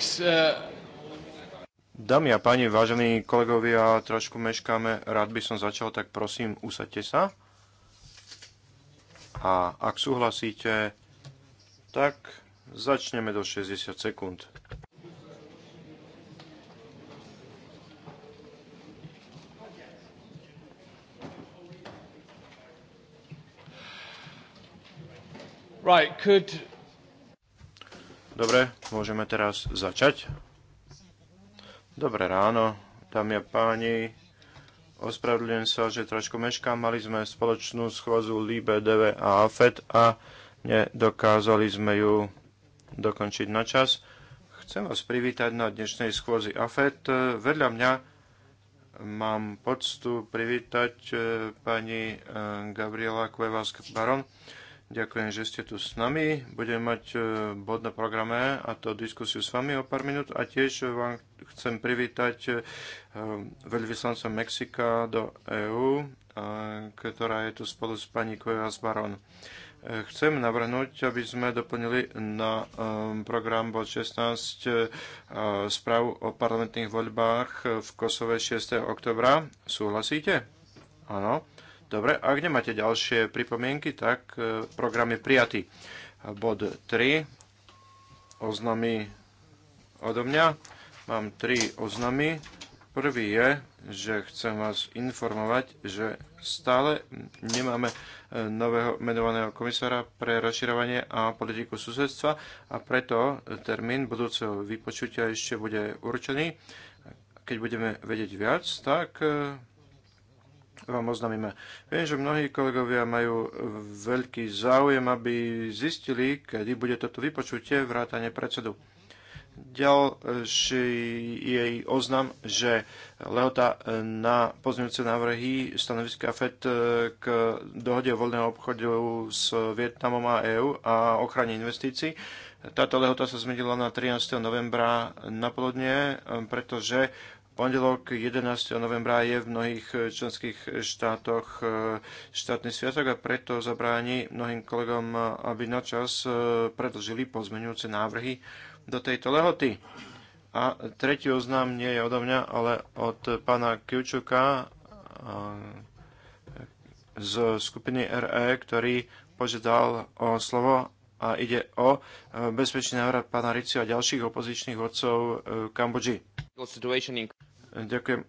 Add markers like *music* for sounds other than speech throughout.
Uh, Dámy a páni, vážení kolegovia, trošku meškáme. Rád by som začal, tak prosím, usadte sa. A ak súhlasíte, tak začneme do 60 sekúnd. Right, could Dobre, môžeme teraz začať. Dobré ráno, dámy a páni. Ospravedlňujem sa, že trošku meškám. Mali sme spoločnú schôzu Libe, DV a AFET a nedokázali sme ju dokončiť na čas. Chcem vás privítať na dnešnej schôzi AFET. Vedľa mňa mám poctu privítať eh, pani eh, Gabriela Cuevas Baron, Ďakujem, že ste tu s nami. Budeme mať e, bod na programe a to diskusiu s vami o pár minút. A tiež vám chcem privítať e, veľvyslanca Mexika do EÚ, e, ktorá je tu spolu s pani Cuevas Baron. Chcem navrhnúť, aby sme doplnili na program bod 16 správu o parlamentných voľbách v Kosove 6. oktobra. Súhlasíte? Áno. Dobre, ak nemáte ďalšie pripomienky, tak e, program je prijatý. Bod 3, oznamy odo mňa. Mám tri oznamy. Prvý je, že chcem vás informovať, že stále nemáme e, nového menovaného komisára pre rozširovanie a politiku susedstva a preto termín budúceho vypočutia ešte bude určený. Keď budeme vedieť viac, tak e, vám oznamíme. Viem, že mnohí kolegovia majú veľký záujem, aby zistili, kedy bude toto vypočutie vrátane predsedu. Ďalší jej oznam, že lehota na pozmeňujúce návrhy stanoviska FED k dohode o voľného obchodu s Vietnamom a EÚ a ochrane investícií. Táto lehota sa zmenila na 13. novembra na poludne, pretože pondelok 11. novembra je v mnohých eh, členských štátoch eh, štátny sviatok a preto zabráni mnohým kolegom, eh, aby načas predlžili pozmenujúce návrhy do tejto lehoty. A tretí oznám nie je odo mňa, ale od pána Kiučuka z skupiny RE, ktorý požiadal o slovo a ide o bezpečný návrat pána Ricio a ďalších opozičných vodcov Kambodži. Ďakujem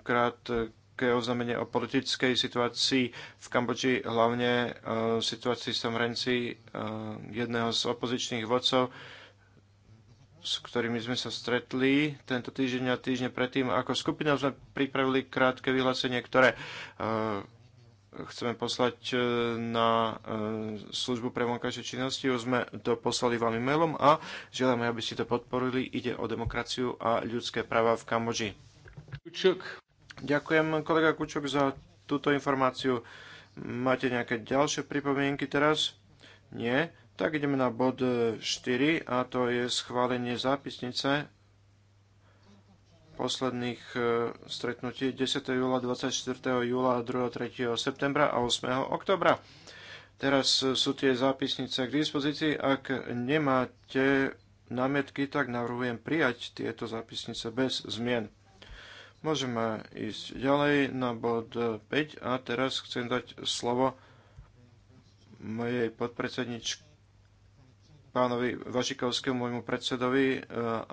krát ehm, krátke oznámenie o politickej situácii v Kambodži, hlavne uh, situácii v uh, jedného z opozičných vodcov, s ktorými sme sa stretli tento týždeň a týždeň predtým. Ako skupina sme pripravili krátke vyhlásenie, ktoré chceme poslať na službu pre vonkajšie činnosti. Už sme to poslali vám e-mailom a želáme, aby ste to podporili. Ide o demokraciu a ľudské práva v Kambodži. Kučuk. Ďakujem kolega Kučuk za túto informáciu. Máte nejaké ďalšie pripomienky teraz? Nie? Tak ideme na bod 4 e, a to je schválenie zápisnice posledných e, stretnutí 10. júla, 24. júla, 2. 3. septembra a 8. oktobra. Teraz e, sú tie zápisnice k dispozícii. Ak nemáte námietky, tak navrhujem prijať tieto zápisnice bez zmien. Môžeme ísť ďalej na bod 5 e, a teraz chcem dať slovo mojej podpredsedničke pánovi Vašikovskému, môjmu predsedovi, e,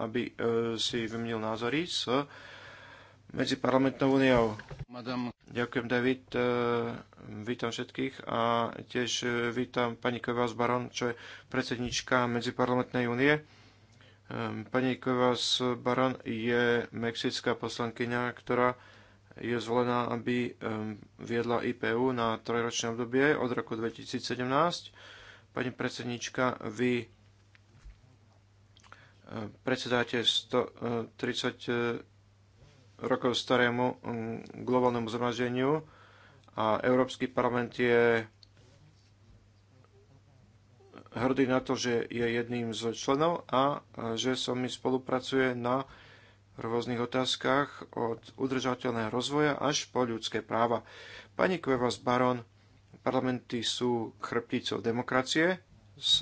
aby e, si vymenil názory s Medziparlamentnou úniou. Ďakujem, David. Vítam všetkých a tiež vítam pani Kovás Baron, čo je predsednička Medziparlamentnej únie. Pani Cuevas Baran je mexická poslankyňa, ktorá je zvolená, aby viedla IPU na trojročné obdobie od roku 2017. Pani predsednička, vy predsedáte 130 e, rokov starému globálnemu zhromaždeniu a Európsky parlament je hrdý na to, že je jedným z členov a e, že so mi spolupracuje na rôznych otázkach od udržateľného rozvoja až po ľudské práva. Pani Cuevas Baron, parlamenty sú chrbticou demokracie s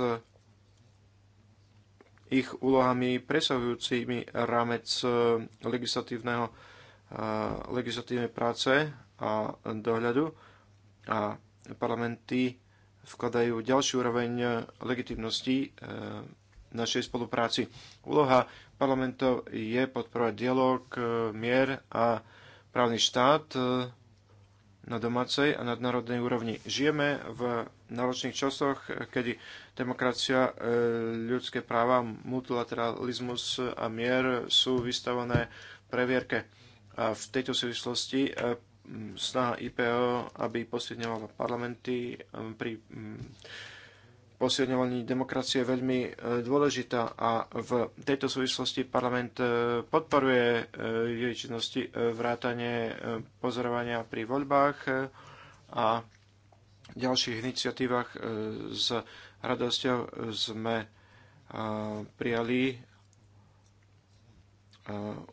ich úlohami presahujúcimi rámec e, legislatívneho, e, legislatívnej práce a dohľadu a parlamenty vkladajú ďalší úroveň e, legitimnosti e, našej spolupráci. Úloha parlamentov je podporovať dialog, e, mier a právny štát na domácej a nadnárodnej úrovni. Žijeme v náročných časoch, kedy demokracia, ľudské práva, multilateralizmus a mier sú vystavené previerke. A v tejto súvislosti snaha IPO, aby posilňovala parlamenty um, pri um, posilňovaní demokracie je veľmi e, dôležitá a v tejto súvislosti parlament e, podporuje e, jej činnosti vrátanie pozorovania pri voľbách a ďalších iniciatívach s radosťou sme prijali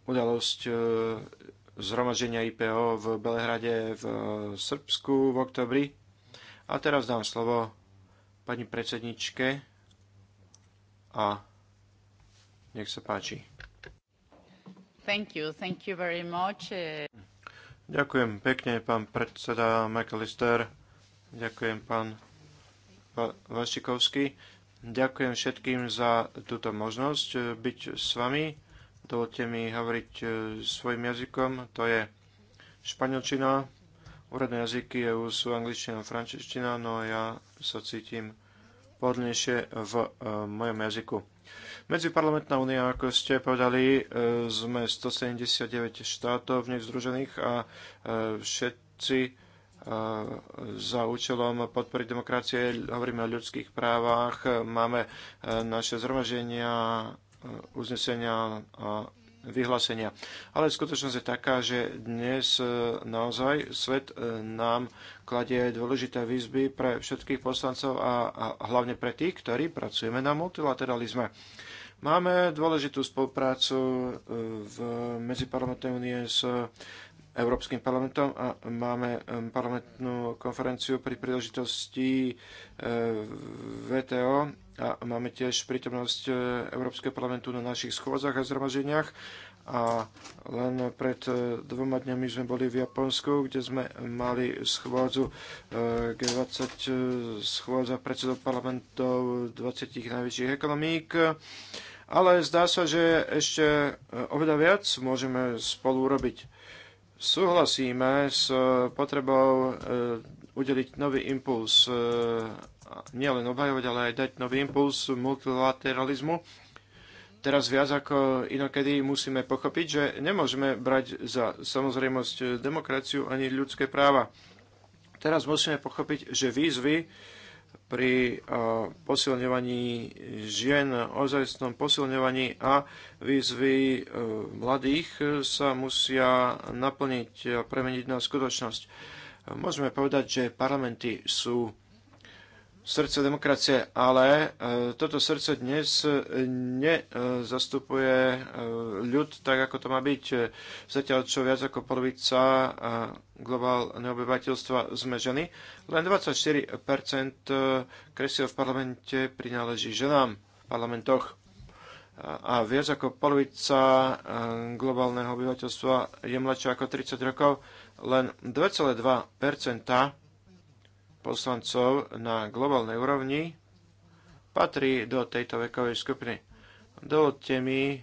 udalosť zhromaženia IPO v Belehrade v e, Srbsku v oktobri. A teraz dám slovo pani predsedničke a nech sa páči. Thank you, thank you very much. Ďakujem pekne, pán predseda McAllister. Ďakujem, pán Vašikovský. Ďakujem všetkým za túto možnosť e, byť s vami Dovolte mi hovoriť e, svojim jazykom, to je španielčina, úradné jazyky EU sú angličtina a francúzština, no ja sa cítim pohodlnejšie v e, mojom jazyku. Medziparlamentná únia, ako ste povedali, e, sme 179 štátov v nej združených a všetci za účelom podpory demokracie hovoríme o ľudských právach, máme naše zhromaženia uznesenia a vyhlásenia. Ale skutočnosť je taká, že dnes naozaj svet nám kladie dôležité výzby pre všetkých poslancov a, a hlavne pre tých, ktorí pracujeme na multilateralizme. Máme dôležitú spoluprácu v medziparlamentnej únie s Európskym parlamentom a máme parlamentnú konferenciu pri príležitosti VTO a máme tiež prítomnosť e, Európskeho parlamentu na našich schôdzach a zhromaženiach. A len pred e, dvoma dňami sme boli v Japonsku, kde sme mali schôdzu e, G20, schôdza predsedov parlamentov 20 najväčších ekonomík. Ale zdá sa, že ešte oveľa viac môžeme spolu urobiť. Súhlasíme s potrebou udeliť nový impuls nielen obhajovať, ale aj dať nový impuls multilateralizmu. Teraz viac ako inokedy musíme pochopiť, že nemôžeme brať za samozrejmosť demokraciu ani ľudské práva. Teraz musíme pochopiť, že výzvy pri posilňovaní žien, ozajstnom posilňovaní a výzvy e, mladých sa musia naplniť a premeniť na skutočnosť. Môžeme povedať, že parlamenty sú srdce demokracie, ale e, toto srdce dnes e, nezastupuje e, ľud tak, ako to má byť. Zatiaľ čo viac ako polovica globálneho obyvateľstva sme ženy, len 24% kresiel v parlamente prináleží ženám v parlamentoch a viac ako polovica globálneho obyvateľstva je mladšia ako 30 rokov, len 2,2 poslancov na globálnej úrovni patrí do tejto vekovej skupiny. Dovolte mi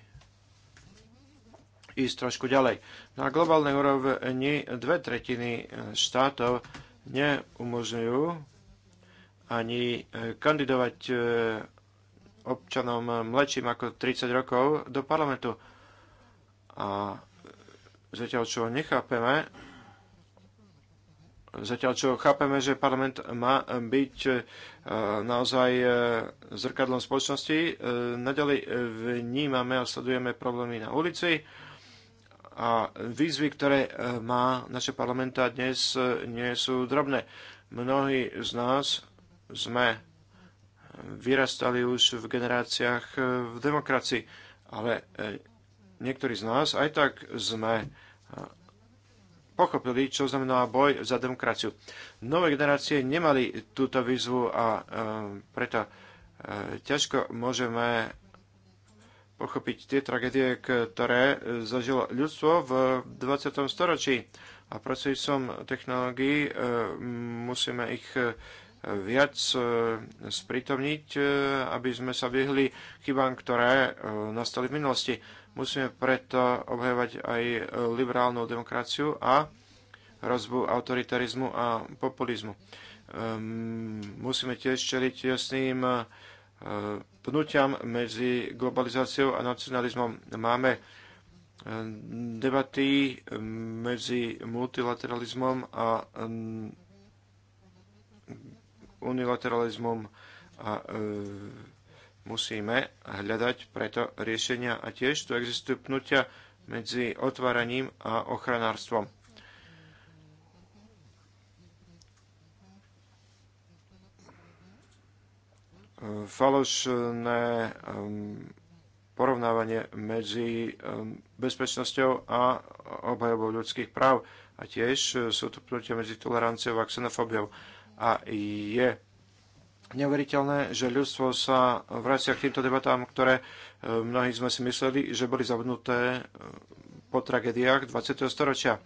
ísť trošku ďalej. Na globálnej úrovni dve tretiny štátov neumožňujú ani kandidovať eh, občanom mladším ako 30 rokov do parlamentu. A zatiaľ, čo nechápeme, Zatiaľ čo chápeme, že parlament má byť e, naozaj e, zrkadlom spoločnosti, e, naďalej vnímame a sledujeme problémy na ulici a výzvy, ktoré má naše parlamenta dnes, nie sú drobné. Mnohí z nás sme vyrastali už v generáciách v demokracii, ale niektorí z nás aj tak sme pochopili, čo znamená boj za demokraciu. Nové generácie nemali túto výzvu a e, preto e, ťažko môžeme pochopiť tie tragédie, ktoré e, zažilo ľudstvo v 20. storočí. A prostredníctvom technológií musíme ich viac sprítomniť, aby sme sa vyhli chybám, ktoré nastali v minulosti. Musíme preto obhajovať aj e, liberálnu demokraciu a hrozbu autoritarizmu a populizmu. Ehm, musíme tiež čeliť jasným e, pnutiam medzi globalizáciou a nacionalizmom. Máme e, debaty medzi multilateralizmom a unilateralizmom a Musíme hľadať preto riešenia a tiež tu existujú pnutia medzi otváraním a ochranárstvom. Falošné um, porovnávanie medzi um, bezpečnosťou a obhajobou ľudských práv a tiež uh, sú to pnutia medzi toleranciou a xenofóbiou. A je neuveriteľné, že ľudstvo sa vracia k týmto debatám, ktoré e, mnohí sme si mysleli, že boli zabudnuté e, po tragédiách 20. storočia.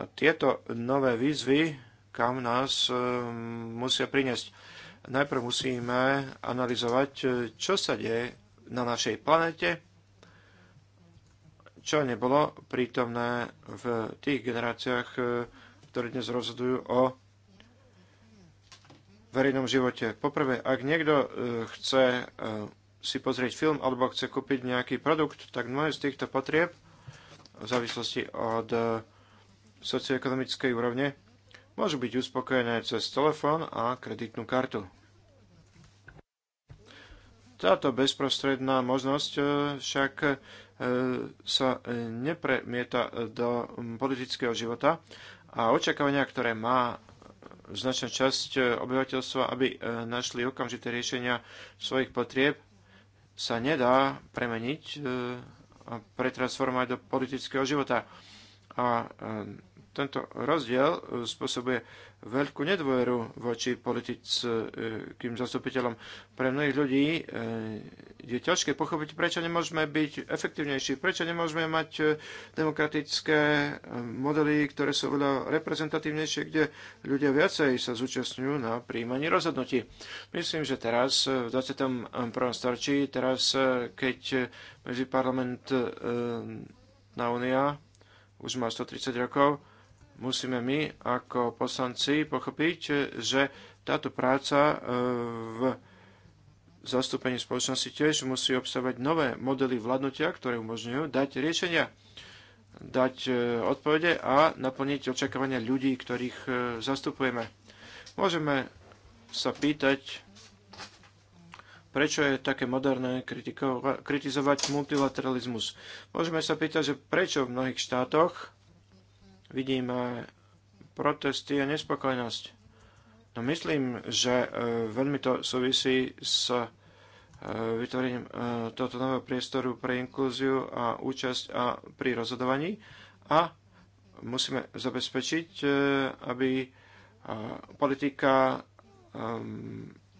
No, tieto nové výzvy, kam nás e, musia priniesť. Najprv musíme analyzovať, čo sa deje na našej planete, čo nebolo prítomné v tých generáciách, ktoré dnes rozhodujú o verejnom živote. Poprvé, ak niekto e, chce e, si pozrieť film alebo chce kúpiť nejaký produkt, tak mnohé z týchto potrieb v závislosti od e, socioekonomickej úrovne môžu byť uspokojené cez telefón a kreditnú kartu. Táto bezprostredná možnosť však sa nepremieta do politického života a očakávania, ktoré má značná časť e, obyvateľstva, aby e, našli okamžité riešenia svojich potrieb, sa nedá premeniť e, a pretransformovať do politického života. A tento rozdiel spôsobuje veľkú nedôveru voči politickým zastupiteľom. Pre mnohých ľudí e, je ťažké pochopiť, prečo nemôžeme byť efektívnejší, prečo nemôžeme mať e, demokratické e, modely, ktoré sú veľa reprezentatívnejšie, kde ľudia viacej sa zúčastňujú na príjmaní rozhodnutí. Myslím, že teraz, v 21. storočí, teraz, keď medzi parlament na Unia už má 130 rokov, musíme my ako poslanci pochopiť, že táto práca e, v zastúpení spoločnosti tiež musí obsahovať nové modely vládnutia, ktoré umožňujú dať riešenia, dať e, odpovede a naplniť očakávania ľudí, ktorých e, zastupujeme. Môžeme sa pýtať, prečo je také moderné kritizovať multilateralizmus. Môžeme sa pýtať, že prečo v mnohých štátoch vidíme protesty a nespokojnosť. No myslím, že e, veľmi to súvisí s e, vytvorením e, tohto nového priestoru pre inklúziu a účasť a pri rozhodovaní a musíme zabezpečiť, aby politika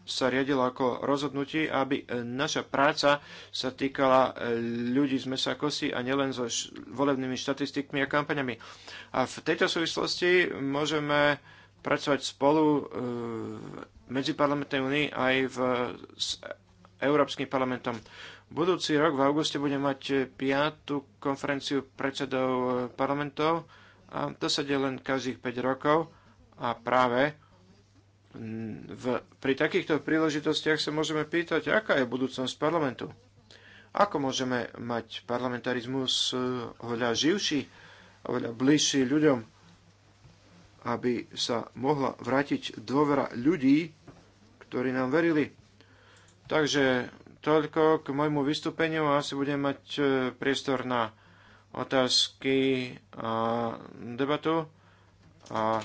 sa riadilo ako rozhodnutie, aby e, naša práca sa týkala e, ľudí z mesa kosy a nielen so volebnými štatistikmi a kampaňami. A v tejto súvislosti môžeme pracovať spolu e, v medziparlamentnej únii aj v, s Európskym parlamentom. Budúci rok v auguste budeme mať piatú konferenciu predsedov parlamentov a to sa deje len každých 5 rokov a práve v, pri takýchto príležitostiach sa môžeme pýtať, aká je budúcnosť parlamentu. Ako môžeme mať parlamentarizmus eh, oveľa živší, oveľa bližší ľuďom, aby sa mohla vrátiť dôvera ľudí, ktorí nám verili. Takže toľko k môjmu vystúpeniu a asi budem mať eh, priestor na otázky a debatu. A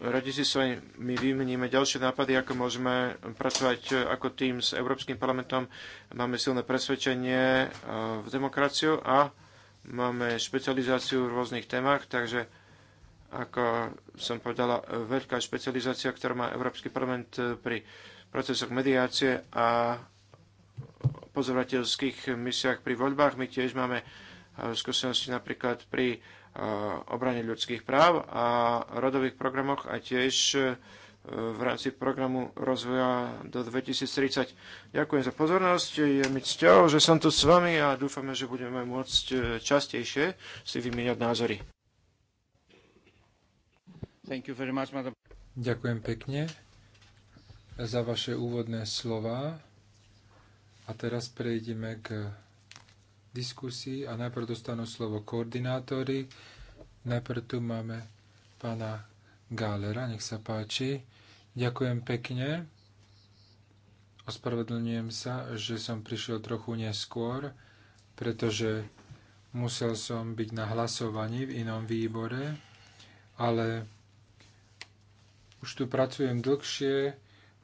Radi si s vami vymeníme ďalšie nápady, ako môžeme pracovať e, ako tým s Európskym parlamentom. Máme silné presvedčenie e, v demokraciu a máme špecializáciu v rôznych témach, takže ako som povedala, veľká špecializácia, ktorú má Európsky parlament e, pri procesoch mediácie a pozorovateľských misiách pri voľbách. My tiež máme skúsenosti napríklad pri Eh, obrane ľudských práv a rodových programoch a tiež eh, v rámci programu rozvoja do 2030. Ďakujem za pozornosť, je mi cťou, že som tu s vami a dúfame, že budeme môcť eh, častejšie si vymieňať názory. Much, Ďakujem pekne za vaše úvodné slova a teraz prejdeme k diskusii a najprv dostanú slovo koordinátori. Najprv tu máme pána Gálera, nech sa páči. Ďakujem pekne. Ospravedlňujem sa, že som prišiel trochu neskôr, pretože musel som byť na hlasovaní v inom výbore, ale už tu pracujem dlhšie,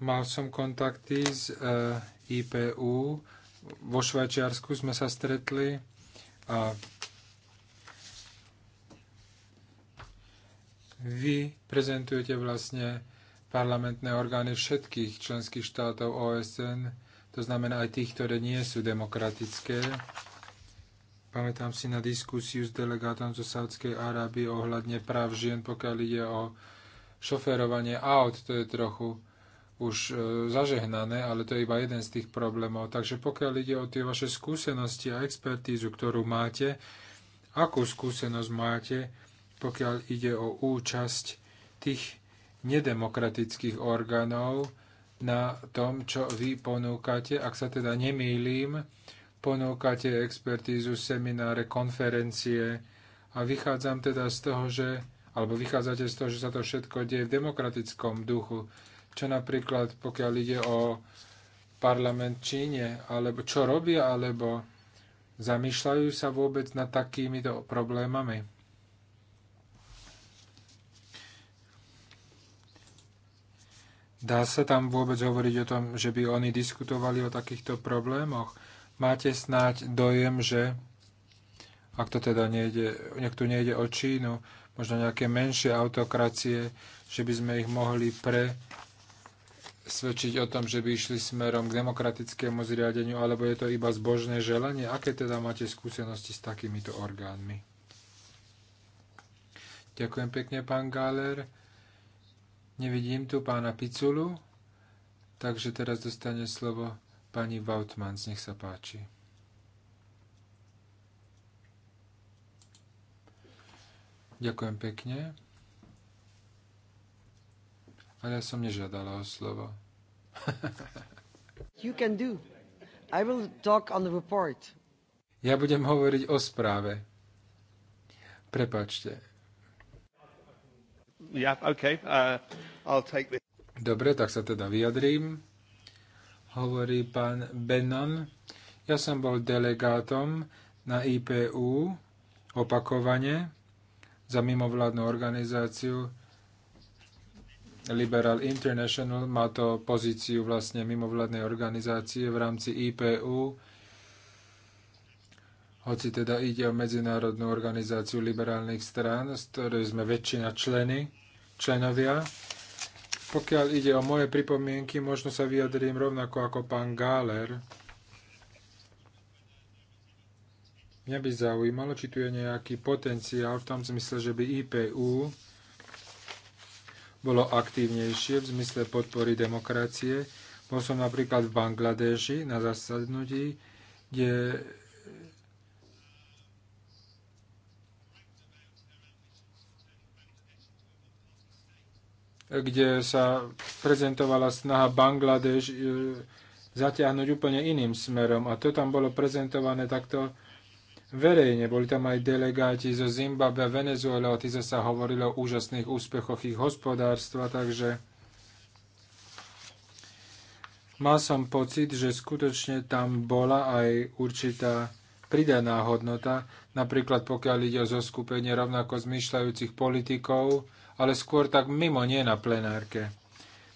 mal som kontakty s eh, IPU, vo Švajčiarsku sme sa stretli a vy prezentujete vlastne parlamentné orgány všetkých členských štátov OSN, to znamená aj tých, ktoré nie sú demokratické. Pamätám si na diskusiu s delegátom zo Sádskej Arábie ohľadne práv žien, pokiaľ ide o šoferovanie aut. To je trochu už e, zažehnané, ale to je iba jeden z tých problémov. Takže pokiaľ ide o tie vaše skúsenosti a expertízu, ktorú máte, akú skúsenosť máte, pokiaľ ide o účasť tých nedemokratických orgánov na tom, čo vy ponúkate, ak sa teda nemýlim, ponúkate expertízu, semináre, konferencie a vychádzam teda z toho, že alebo vychádzate z toho, že sa to všetko deje v demokratickom duchu. Čo napríklad, pokiaľ ide o parlament Číne, alebo čo robia, alebo zamýšľajú sa vôbec nad takýmito problémami? Dá sa tam vôbec hovoriť o tom, že by oni diskutovali o takýchto problémoch? Máte snáď dojem, že ak to teda nejde, niekto nejde o Čínu, možno nejaké menšie autokracie, že by sme ich mohli pre svedčiť o tom, že by išli smerom k demokratickému zriadeniu, alebo je to iba zbožné želanie? Aké teda máte skúsenosti s takýmito orgánmi? Ďakujem pekne, pán Galer. Nevidím tu pána Piculu, takže teraz dostane slovo pani Vautmans. Nech sa páči. Ďakujem pekne. Ale ja som nežiadala o slovo. *laughs* you can do. I will talk on the report. Ja budem hovoriť o správe. Prepačte. Yeah, okay. uh, I'll take this. Dobre, tak sa teda vyjadrím. Hovorí pán Benon. Ja som bol delegátom na IPU opakovane za mimovládnu organizáciu Liberal International, má to pozíciu vlastne mimovládnej organizácie v rámci IPU, hoci teda ide o Medzinárodnú organizáciu liberálnych strán, z ktorej sme väčšina členy, členovia. Pokiaľ ide o moje pripomienky, možno sa vyjadrím rovnako ako pán Gáler. Mňa by zaujímalo, či tu je nejaký potenciál v tom zmysle, že by IPU bolo aktívnejšie v zmysle podpory demokracie. Bol som napríklad v Bangladeši na zasadnutí, kde kde sa prezentovala snaha Bangladeš eh, zatiahnuť úplne iným smerom. A to tam bolo prezentované takto verejne. Boli tam aj delegáti zo Zimbabwe a Venezuela, o tých sa hovorilo o úžasných úspechoch ich hospodárstva, takže mal som pocit, že skutočne tam bola aj určitá pridaná hodnota, napríklad pokiaľ ide o zoskupenie rovnako zmyšľajúcich politikov, ale skôr tak mimo, nie na plenárke.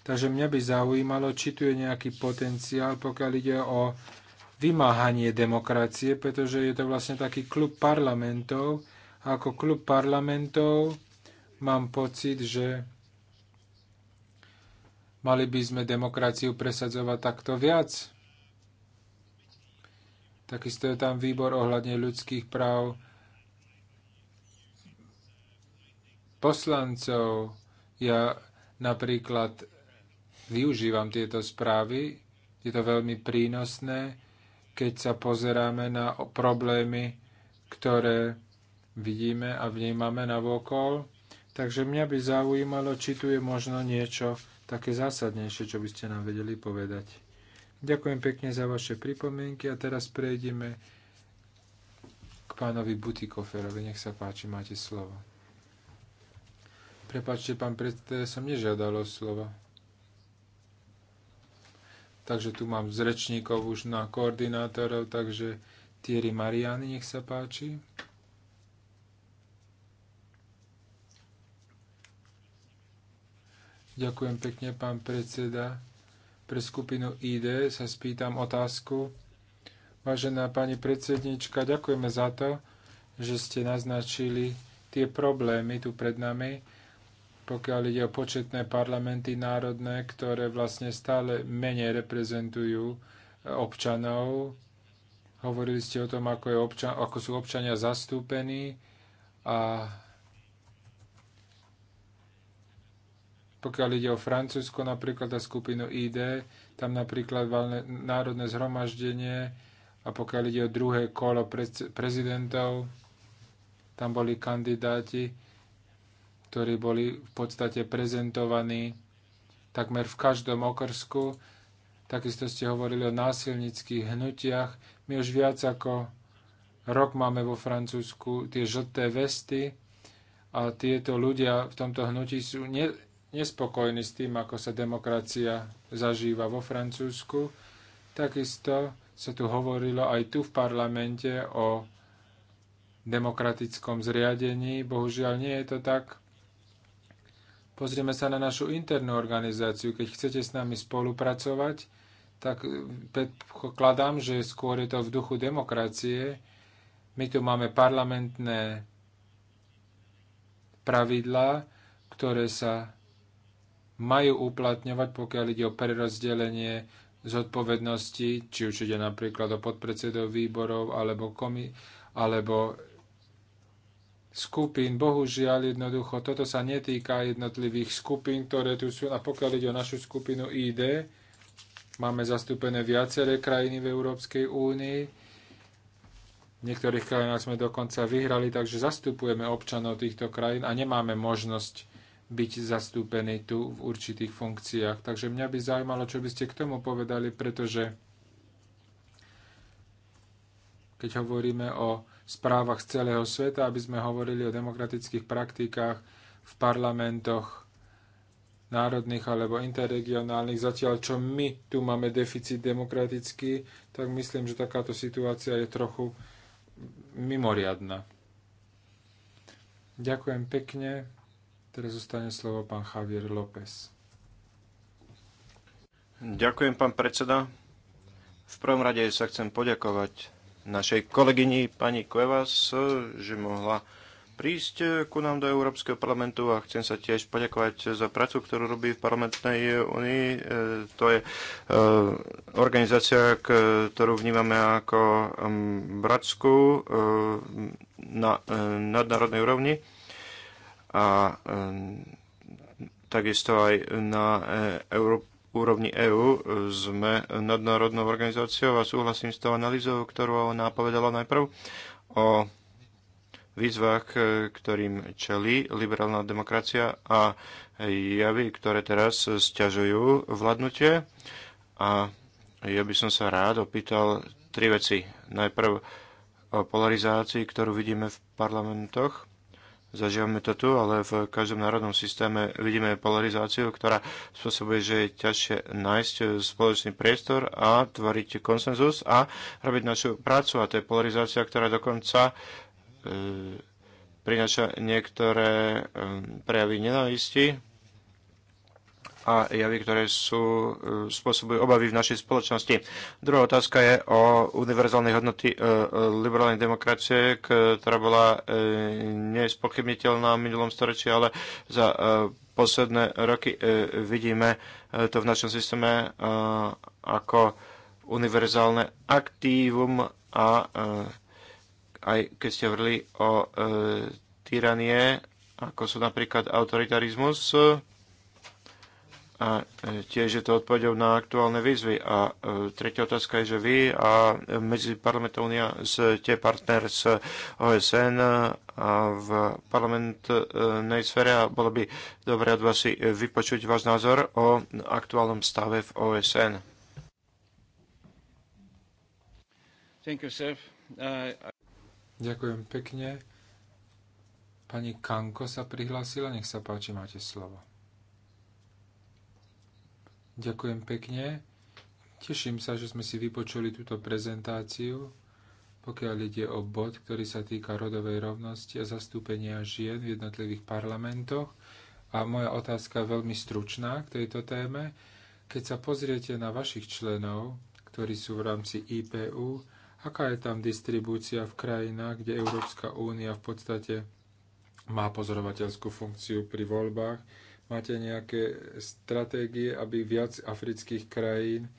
Takže mňa by zaujímalo, či tu je nejaký potenciál, pokiaľ ide o vymáhanie demokracie, pretože je to vlastne taký klub parlamentov. A ako klub parlamentov mám pocit, že mali by sme demokraciu presadzovať takto viac. Takisto je tam výbor ohľadne ľudských práv poslancov. Ja napríklad využívam tieto správy, je to veľmi prínosné keď sa pozeráme na problémy, ktoré vidíme a vnímame na vokol. Takže mňa by zaujímalo, či tu je možno niečo také zásadnejšie, čo by ste nám vedeli povedať. Ďakujem pekne za vaše pripomienky a teraz prejdeme k pánovi Butikoferovi. Nech sa páči, máte slovo. Prepačte, pán predseda, som nežiadal o slovo. Takže tu mám z rečníkov už na koordinátorov, takže Thierry Mariani nech sa páči. Ďakujem pekne, pán predseda. Pre skupinu ID sa spýtam otázku. Vážená pani predsednička, ďakujeme za to, že ste naznačili tie problémy tu pred nami pokiaľ ide o početné parlamenty národné, ktoré vlastne stále menej reprezentujú e, občanov. Hovorili ste o tom, ako, je občan, ako sú občania zastúpení a pokiaľ ide o Francúzsko napríklad a skupinu ID, tam napríklad národné zhromaždenie a pokiaľ ide o druhé kolo prezidentov, tam boli kandidáti, ktorí boli v podstate prezentovaní takmer v každom okrsku. Takisto ste hovorili o násilnických hnutiach. My už viac ako rok máme vo Francúzsku tie žlté vesty a tieto ľudia v tomto hnutí sú ne, nespokojní s tým, ako sa demokracia zažíva vo Francúzsku. Takisto sa tu hovorilo aj tu v parlamente o demokratickom zriadení. Bohužiaľ nie je to tak Pozrieme sa na našu internú organizáciu. Keď chcete s nami spolupracovať, tak predpokladám, že skôr je to v duchu demokracie. My tu máme parlamentné pravidlá, ktoré sa majú uplatňovať, pokiaľ ide o prerozdelenie zodpovednosti, či už ide napríklad o podpredsedov výborov alebo, komi- alebo skupín. Bohužiaľ, jednoducho, toto sa netýka jednotlivých skupín, ktoré tu sú. A pokiaľ ide o našu skupinu ID, máme zastúpené viaceré krajiny v Európskej únii. V niektorých krajinách sme dokonca vyhrali, takže zastupujeme občanov týchto krajín a nemáme možnosť byť zastúpení tu v určitých funkciách. Takže mňa by zaujímalo, čo by ste k tomu povedali, pretože keď hovoríme o správach z celého sveta, aby sme hovorili o demokratických praktikách v parlamentoch národných alebo interregionálnych. Zatiaľ, čo my tu máme deficit demokratický, tak myslím, že takáto situácia je trochu mimoriadná. Ďakujem pekne. Teraz zostane slovo pán Javier López. Ďakujem, pán predseda. V prvom rade sa chcem poďakovať našej kolegyni pani Cuevas, že mohla prísť eh, ku nám do Európskeho parlamentu a chcem sa tiež poďakovať za prácu, ktorú robí v parlamentnej unii. Eh, to je eh, organizácia, ktorú vnímame ako mm, bratskú na nadnárodnej úrovni a takisto aj na Európe úrovni EÚ e, sme nadnárodnou organizáciou a súhlasím s tou analýzou, ktorú ona povedala najprv o výzvach, e, ktorým čelí liberálna demokracia a javy, ktoré teraz sťažujú vládnutie. A ja by som sa rád opýtal tri veci. Najprv o polarizácii, ktorú vidíme v parlamentoch Zažívame to tu, ale v každom národnom systéme vidíme polarizáciu, ktorá spôsobuje, že je ťažšie nájsť spoločný priestor a tvoriť konsenzus a robiť našu prácu. A to je polarizácia, ktorá dokonca e, prináša niektoré e, prejavy nenávisti, a javy, ktoré sú, e, spôsobujú obavy v našej spoločnosti. Druhá otázka je o univerzálnej hodnoty e, e, liberálnej demokracie, ktorá bola nespochybniteľná v minulom storočí, ale za posledné roky vidíme to v našom systéme ako univerzálne aktívum a aj keď ste hovorili o tyranie, ako sú napríklad autoritarizmus, a e, tiež je to odpovedou na aktuálne výzvy. A e, tretia otázka je, že vy a medzi parlamentom Unia ste partner z OSN a v parlamentnej sfere a bolo by dobré od vás si vypočuť váš názor o aktuálnom stave v OSN. Thank you, sir. Uh, I... Ďakujem pekne. Pani Kanko sa prihlásila, nech sa páči, máte slovo. Ďakujem pekne. Teším sa, že sme si vypočuli túto prezentáciu, pokiaľ ide o bod, ktorý sa týka rodovej rovnosti a zastúpenia žien v jednotlivých parlamentoch. A moja otázka je veľmi stručná k tejto téme. Keď sa pozriete na vašich členov, ktorí sú v rámci IPU, aká je tam distribúcia v krajinách, kde Európska únia v podstate má pozorovateľskú funkciu pri voľbách, Máte nejaké stratégie, aby viac afrických krajín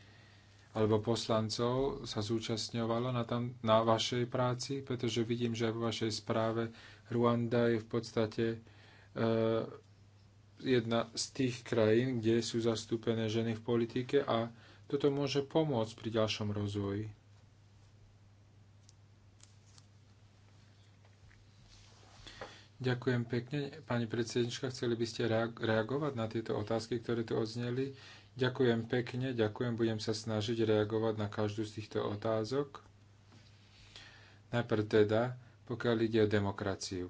alebo poslancov sa zúčastňovalo na, tam, na vašej práci, pretože vidím, že aj vo vašej správe Ruanda je v podstate e, jedna z tých krajín, kde sú zastúpené ženy v politike a toto môže pomôcť pri ďalšom rozvoji. Ďakujem pekne. Pani predsednička, chceli by ste reagovať na tieto otázky, ktoré tu odzneli? Ďakujem pekne, ďakujem, budem sa snažiť reagovať na každú z týchto otázok. Najprv teda, pokiaľ ide o demokraciu.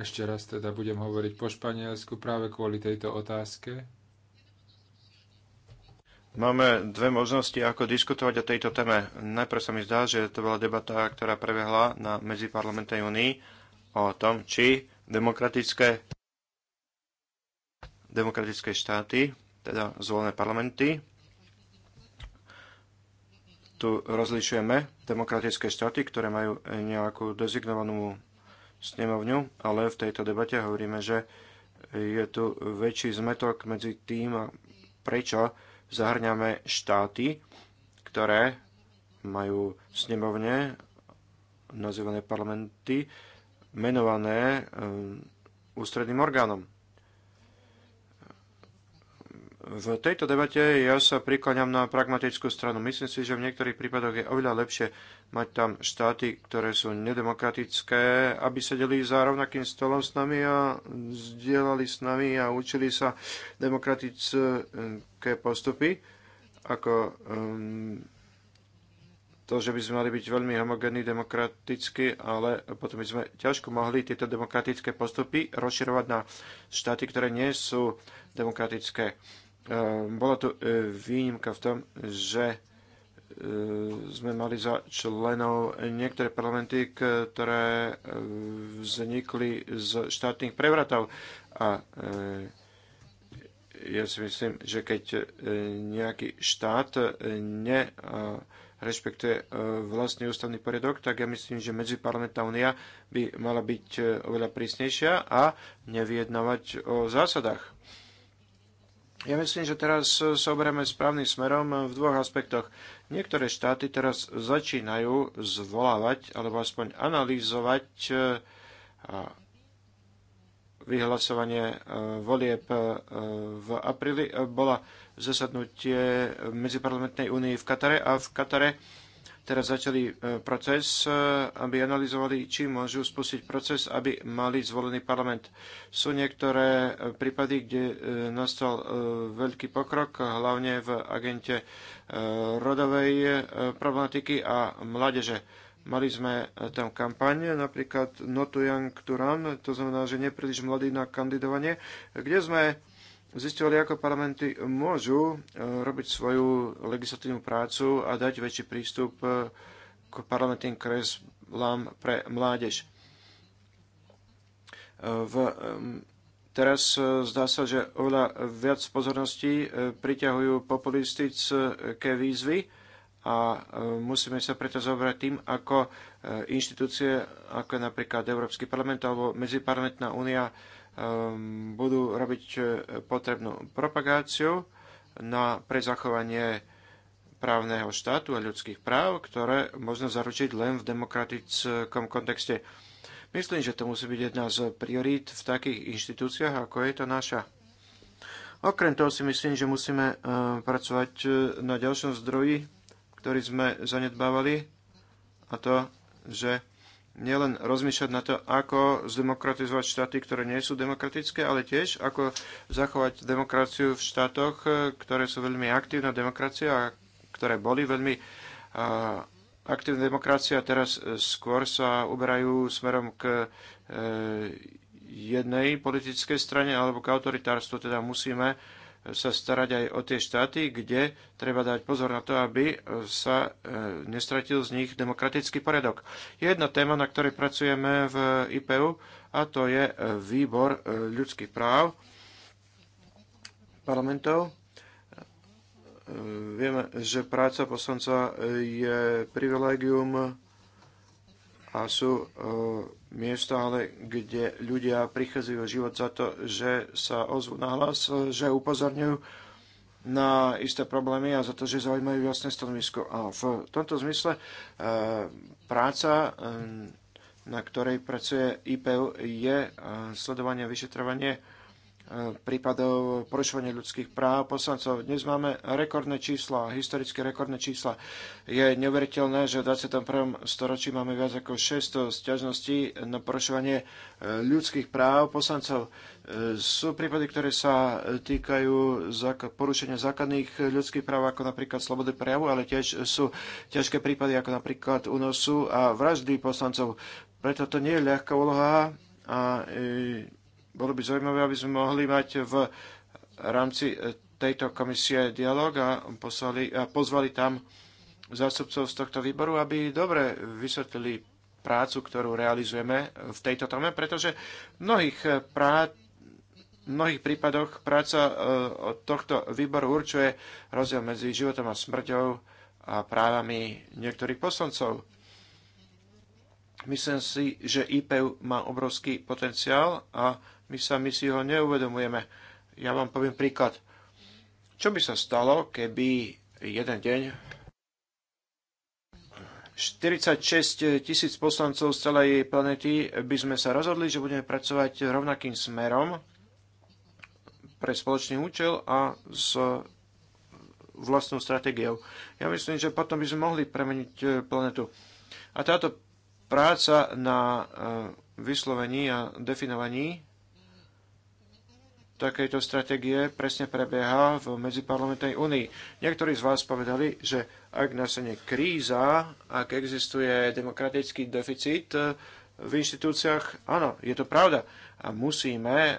Ešte raz teda budem hovoriť po španielsku práve kvôli tejto otázke. Máme dve možnosti, ako diskutovať o tejto téme. Najprv sa mi zdá, že to bola debata, ktorá prebehla na Medziparlamentnej únii o tom, či demokratické, demokratické štáty, teda zvolené parlamenty, tu rozlišujeme demokratické štáty, ktoré majú nejakú dezignovanú snemovňu, ale v tejto debate hovoríme, že je tu väčší zmetok medzi tým, prečo zahrňame štáty, ktoré majú snemovne nazývané parlamenty menované ehm, ústredným orgánom. V tejto debate ja sa prikláňam na pragmatickú stranu. Myslím si, že v niektorých prípadoch je oveľa lepšie mať tam štáty, ktoré sú nedemokratické, aby sedeli za rovnakým stolom s nami a zdieľali s nami a učili sa demokratické postupy, ako um, to, že by sme mali byť veľmi homogénni demokraticky, ale potom by sme ťažko mohli tieto demokratické postupy rozširovať na štáty, ktoré nie sú demokratické Ehm, bola to e, výnimka v tom, že e, sme mali za členov niektoré parlamenty, ktoré e, vznikli z štátnych prevratov. A ja si myslím, že keď nejaký štát ne rešpektuje vlastný ústavný poriadok, tak ja myslím, že medziparlamentná únia by mala byť oveľa prísnejšia a nevyjednávať o zásadách. Ja myslím, že teraz sa oberieme správnym smerom v dvoch aspektoch. Niektoré štáty teraz začínajú zvolávať, alebo aspoň analýzovať e, vyhlasovanie e, volieb e, v apríli. Bola zasadnutie Medziparlamentnej únie v Katare a v Katare teraz začali e, proces, e, aby analyzovali, či môžu spustiť proces, aby mali zvolený parlament. Sú niektoré e, prípady, kde nastal veľký pokrok, hlavne v agente rodovej problematiky a mládeže. Mali sme tam kampaň, napríklad Notu Young Turan, to znamená, že nepríliš mladý na kandidovanie, kde sme zistili, ako parlamenty môžu e, robiť svoju legislatívnu prácu a dať väčší prístup e, k parlamentným kreslám pre mládež. E, v, teraz zdá sa, že oveľa viac pozorností priťahujú populistické výzvy a musíme sa preto zobrať tým, ako inštitúcie, ako napríklad Európsky parlament alebo Medziparlamentná únia, Ehm, budú robiť eh, potrebnú propagáciu na, pre zachovanie právneho štátu a ľudských práv, ktoré možno zaručiť len v demokratickom kontexte. Myslím, že to musí byť jedna z priorít v takých inštitúciách, ako je to naša. Okrem toho si myslím, že musíme eh, pracovať eh, na ďalšom zdroji, ktorý sme zanedbávali, a to, že nielen rozmýšľať na to, ako zdemokratizovať štáty, ktoré nie sú demokratické, ale tiež ako zachovať demokraciu v štátoch, e, ktoré sú veľmi aktívna demokracia a ktoré boli veľmi aktívne demokracia a teraz e, skôr sa uberajú smerom k e, jednej politickej strane alebo k autoritárstvu. Teda musíme sa starať aj o tie štáty, kde treba dať pozor na to, aby sa e, nestratil z nich demokratický poriadok. Je jedna téma, na ktorej pracujeme v IPU, a to je e, výbor e, ľudských práv parlamentov. Vieme, že práca poslanca je privilegium a sú e, miesta, ale kde ľudia prichádzajú o život za to, že sa ozvú na hlas, e, že upozorňujú na isté problémy a za to, že zaujímajú jasné stanovisko. A v tomto zmysle e, práca, na ktorej pracuje IPU, je sledovanie a vyšetrovanie prípadov porušovania ľudských práv poslancov. Dnes máme rekordné čísla, historicky rekordné čísla. Je neuveriteľné, že v 21. storočí máme viac ako 600 stiažností na porušovanie e, ľudských práv poslancov. E, sú prípady, ktoré sa týkajú porušenia základných ľudských práv, ako napríklad slobody prejavu, ale tiež sú ťažké prípady, ako napríklad únosu a vraždy poslancov. Preto to nie je ľahká úloha a e, bolo by zaujímavé, aby sme mohli mať v rámci e, tejto komisie dialog a, poslali, a pozvali tam zástupcov z tohto výboru, aby dobre vysvetlili prácu, ktorú realizujeme v tejto téme, pretože v mnohých, e, prá... v mnohých prípadoch práca e, od tohto výboru určuje rozdiel medzi životom a smrťou a právami niektorých poslancov. Myslím si, že IPU má obrovský potenciál a my sa my si ho neuvedomujeme. Ja vám poviem príklad. Čo by sa stalo, keby jeden deň 46 tisíc poslancov z celej planety by sme sa rozhodli, že budeme pracovať rovnakým smerom pre spoločný účel a s vlastnou stratégiou. Ja myslím, že potom by sme mohli premeniť e, planetu. A táto práca na e, vyslovení a definovaní takejto stratégie presne prebieha v Medziparlamentnej únii. Niektorí z vás povedali, že ak nastane kríza, ak existuje demokratický deficit eh, v inštitúciách, áno, je to pravda. A musíme eh,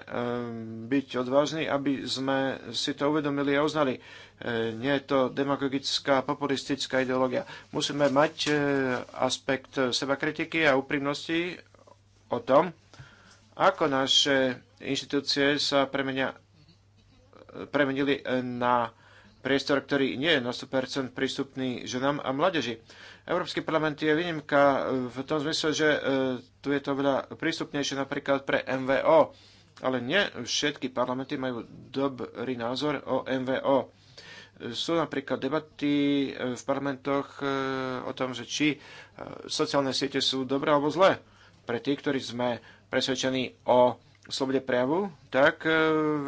byť odvážni, aby sme si to uvedomili a uznali. Eh, nie je to demagogická, populistická ideológia. Musíme mať aspekt seba kritiky a úprimnosti o tom, ako naše inštitúcie sa premenia, premenili na priestor, ktorý nie je na 100% prístupný ženám a mládeži. Európsky parlament je výnimka v tom zmysle, že e, tu je to veľa prístupnejšie napríklad pre MVO, ale nie všetky parlamenty majú dobrý názor o MVO sú napríklad debaty e, v parlamentoch e, o tom, že či sociálne siete sú dobré alebo zlé. Pre tých, ktorí sme presvedčení o slobode prejavu, tak e,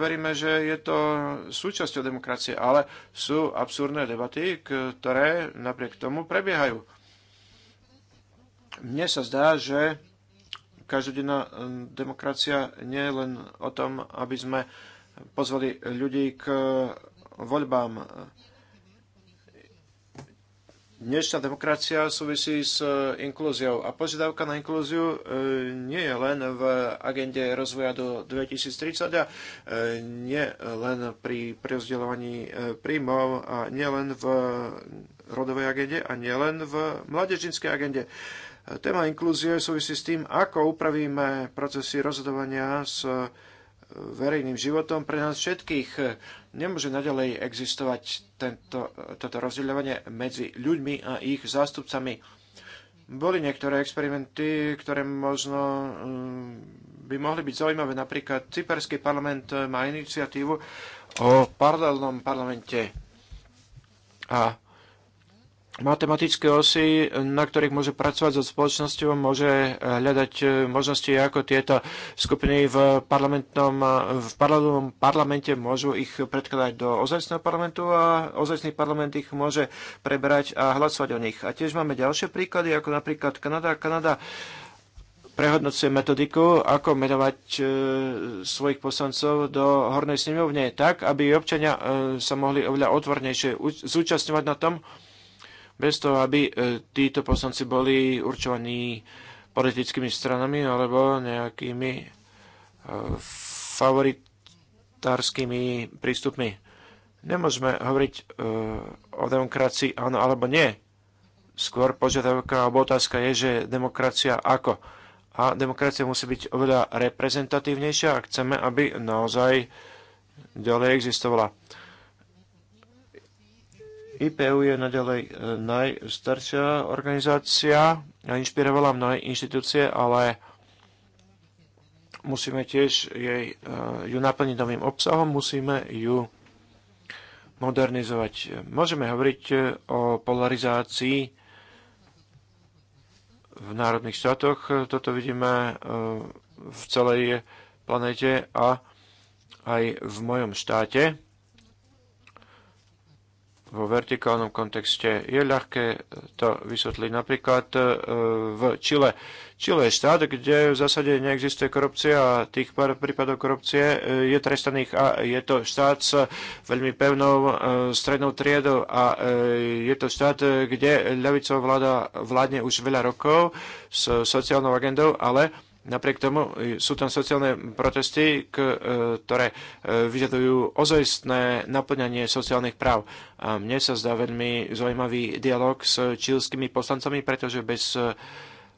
veríme, že je to súčasťou demokracie, ale sú absurdné debaty, ktoré napriek tomu prebiehajú. Mne sa zdá, že každodenná e, demokracia nie je len o tom, aby sme pozvali ľudí k e, voľbám dnešná demokracia súvisí s e, inklúziou a požiadavka na inklúziu e, nie je len v agende rozvoja do 2030 a e, nie len pri prerozdeľovaní príjmov a nie len v rodovej agende a nie len v mládežníckej agende. Téma inklúzie súvisí s tým, ako upravíme procesy rozhodovania s verejným životom pre nás všetkých. Nemôže naďalej existovať tento, toto rozdeľovanie medzi ľuďmi a ich zástupcami. Boli niektoré experimenty, ktoré možno mm, by mohli byť zaujímavé. Napríklad Cyperský parlament eh, má iniciatívu o paralelnom parlamente. A matematické osy, na ktorých môže pracovať so spoločnosťou, môže eh, hľadať eh, možnosti, ako tieto skupiny v, parlamentnom, eh, v parlamentnom parlamente môžu ich predkladať do ozajstného parlamentu a ozajstný parlament ich môže prebrať a hlasovať o nich. A tiež máme ďalšie príklady, ako napríklad Kanada. Kanada prehodnocuje metodiku, ako menovať e, svojich poslancov do hornej snemovne tak, aby občania e, sa mohli oveľa otvornejšie zúčastňovať na tom, bez toho, aby e, títo poslanci boli určovaní politickými stranami alebo nejakými e, favoritárskymi prístupmi. Nemôžeme hovoriť e, o demokracii áno alebo nie. Skôr požiadavka alebo otázka je, že demokracia ako. A demokracia musí byť oveľa reprezentatívnejšia a chceme, aby naozaj ďalej existovala. IPU e je nadalej e, najstaršia organizácia a inšpirovala mnohé inštitúcie, ale musíme tiež jej, e, ju naplniť novým obsahom, musíme ju modernizovať. Môžeme hovoriť o polarizácii v národných štátoch. Toto vidíme v celej planete a aj v mojom štáte vo vertikálnom kontexte. Je ľahké to vysvetliť napríklad e, v Čile. Čile je štát, kde v zásade neexistuje korupcia a tých pár prípadov korupcie e, je trestaných a je to štát s veľmi pevnou e, strednou triedou a je to štát, kde ľavicová vláda vládne už veľa rokov s sociálnou agendou, ale Napriek tomu e, sú tam sociálne protesty, e, ktoré e, vyžadujú ozajstné naplňanie sociálnych práv. A mne sa zdá veľmi zaujímavý dialog s čílskými poslancami, pretože bez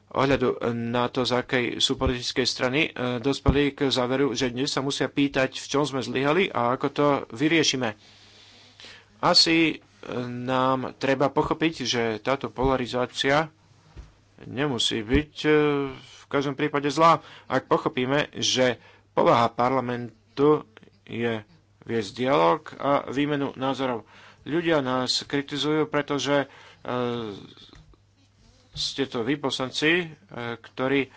ohľadu na to, z akej sú politickej strany, dospeli k záveru, že dnes sa musia pýtať, v čom sme zlyhali a ako to vyriešime. Asi nám treba pochopiť, že táto polarizácia nemusí byť v každom prípade zlá, ak pochopíme, že povaha parlamentu je viesť dialog a výmenu názorov. Ľudia nás kritizujú, pretože e, ste to vy poslanci, e, ktorí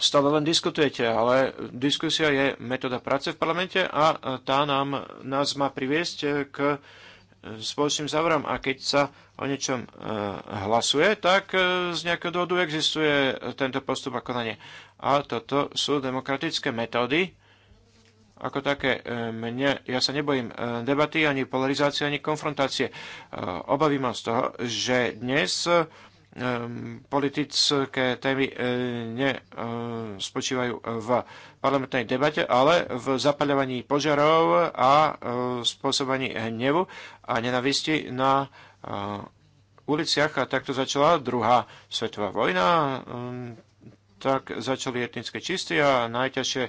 stále len diskutujete, ale diskusia je metóda práce v parlamente a e, tá nám, nás má priviesť k spoločným záverom. A keď sa o niečom e, hlasuje, tak e, z nejakého dôvodu existuje tento postup a konanie. A toto sú demokratické metódy, ako také. E, mne, ja sa nebojím debaty, ani polarizácie, ani konfrontácie. Obavím ma z toho, že dnes politické témy nespočívajú v parlamentnej debate, ale v zapaľovaní požarov a spôsobaní hnevu a nenavisti na uliciach a takto začala druhá svetová vojna. Um, tak začali etnické čisty a najťažšie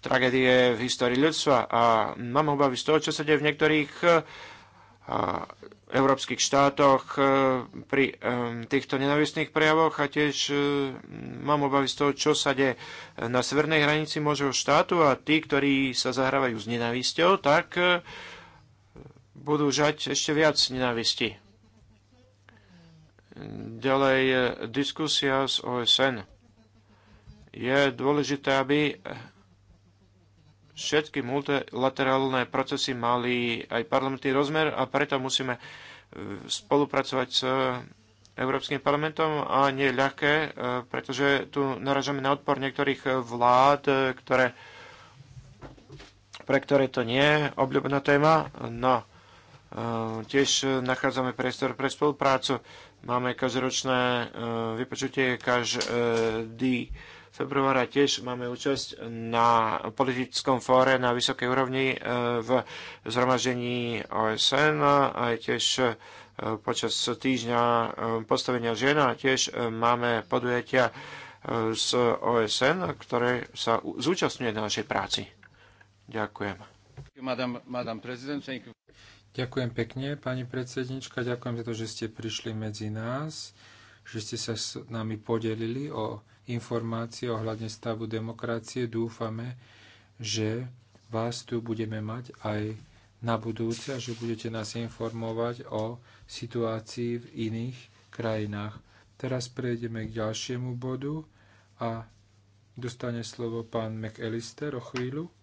tragédie v histórii ľudstva. A mám obavy z toho, čo sa deje v niektorých uh, uh, európskych štátoch uh, pri um, týchto nenavistných prejavoch a tiež mám obavy z toho, čo sa deje na severnej hranici môžeho štátu a tí, ktorí sa zahrávajú s nenávisťou, tak budú žať ešte viac nenávisti. Ďalej e, diskusia s OSN. Je dôležité, aby všetky multilaterálne procesy mali aj parlamentný rozmer a preto musíme e, spolupracovať s Európskym parlamentom a nie je ľahké, e, pretože tu naražame na odpor niektorých vlád, ktoré, pre ktoré to nie je obľúbená téma. No, E, tiež e, nachádzame priestor pre spoluprácu. Máme každoročné e, vypočutie každý februára tiež máme účasť na politickom fóre na vysokej úrovni v zhromaždení OSN a tiež počas týždňa postavenia žien a tiež máme podujatia z OSN, ktoré sa zúčastňuje na našej práci. Ďakujem. Madam, madam Ďakujem pekne, pani predsednička, ďakujem za to, že ste prišli medzi nás, že ste sa s nami podelili o informácie ohľadne stavu demokracie. Dúfame, že vás tu budeme mať aj na budúce a že budete nás informovať o situácii v iných krajinách. Teraz prejdeme k ďalšiemu bodu a dostane slovo pán McAllister o chvíľu.